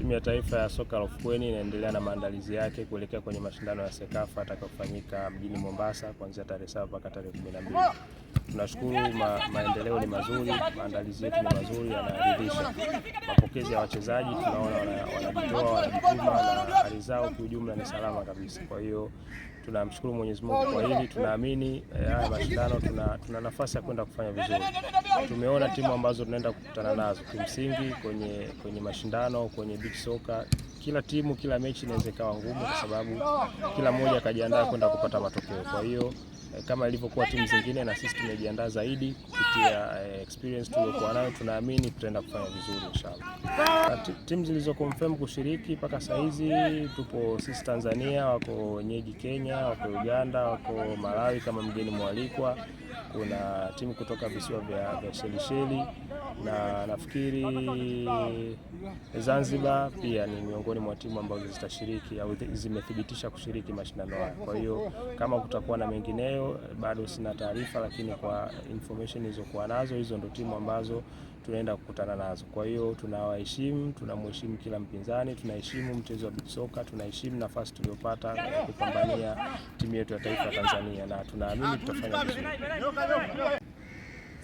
Timu ya taifa ya soka la ufukweni inaendelea na maandalizi yake kuelekea kwenye mashindano ya Sekafa atakayofanyika mjini Mombasa kuanzia tarehe saba mpaka tarehe 12. Tunashukuru ma, maendeleo ni mazuri, maandalizi yetu ni mazuri, yanaridhisha. Mapokezi ya wachezaji tunaona wana, wana mkoa na hali zao kiujumla ni salama kabisa. Kwa hiyo tunamshukuru Mwenyezi Mungu kwa hili, tunaamini eh, haya mashindano tuna, tuna nafasi ya kwenda kufanya vizuri. Tumeona timu ambazo tunaenda kukutana nazo kimsingi kwenye, kwenye mashindano kwenye beach soccer, kila timu kila mechi inaweza ikawa ngumu, kwa sababu kila mmoja akajiandaa kwenda kupata matokeo, kwa hiyo Eh, kama ilivyokuwa timu zingine, na sisi tumejiandaa zaidi kupitia eh, experience tuliyokuwa nayo. Tunaamini tutaenda kufanya vizuri inshallah. Timu zilizo confirm kushiriki mpaka saa hizi tupo sisi Tanzania, wako wenyeji Kenya, wako Uganda, wako Malawi kama mgeni mwalikwa. Kuna timu kutoka visiwa vya Shelisheli na nafikiri Zanzibar pia ni miongoni mwa timu ambazo zitashiriki au zimethibitisha kushiriki mashindano haya. Kwa hiyo kama kutakuwa na mengineyo leo bado sina taarifa, lakini kwa information ilizokuwa nazo, hizo ndo timu ambazo tunaenda kukutana nazo. Kwa hiyo tunawaheshimu, tunamheshimu kila mpinzani, tunaheshimu mchezo wa soka, tunaheshimu nafasi tuliyopata kupambania timu yetu ya taifa Tanzania, na tunaamini tutafanya vizuri.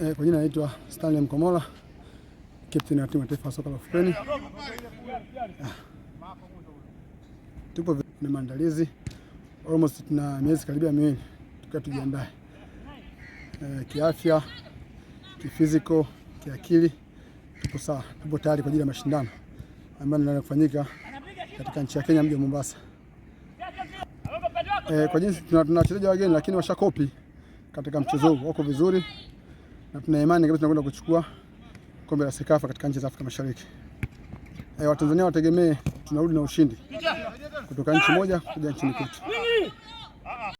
Eh, kwa jina naitwa Stanley Mkomola, captain wa timu ya taifa soka la Ufukweni. Ah. Tupo na maandalizi almost tuna miezi karibia miwili tukiwa tujiandae e, eh, kiafya, kifiziko, kiakili, tupo sawa, tupo tayari kwa ajili ya mashindano ambayo yanaenda kufanyika katika nchi ya Kenya, mji wa Mombasa. E, kwa jinsi tuna wachezaji wageni lakini washakopi katika mchezo huu wako vizuri, na tuna imani kabisa tunakwenda kuchukua kombe la Sekafa katika nchi za Afrika Mashariki. E, Watanzania wategemee tunarudi na ushindi kutoka nchi moja kuja nchini kwetu.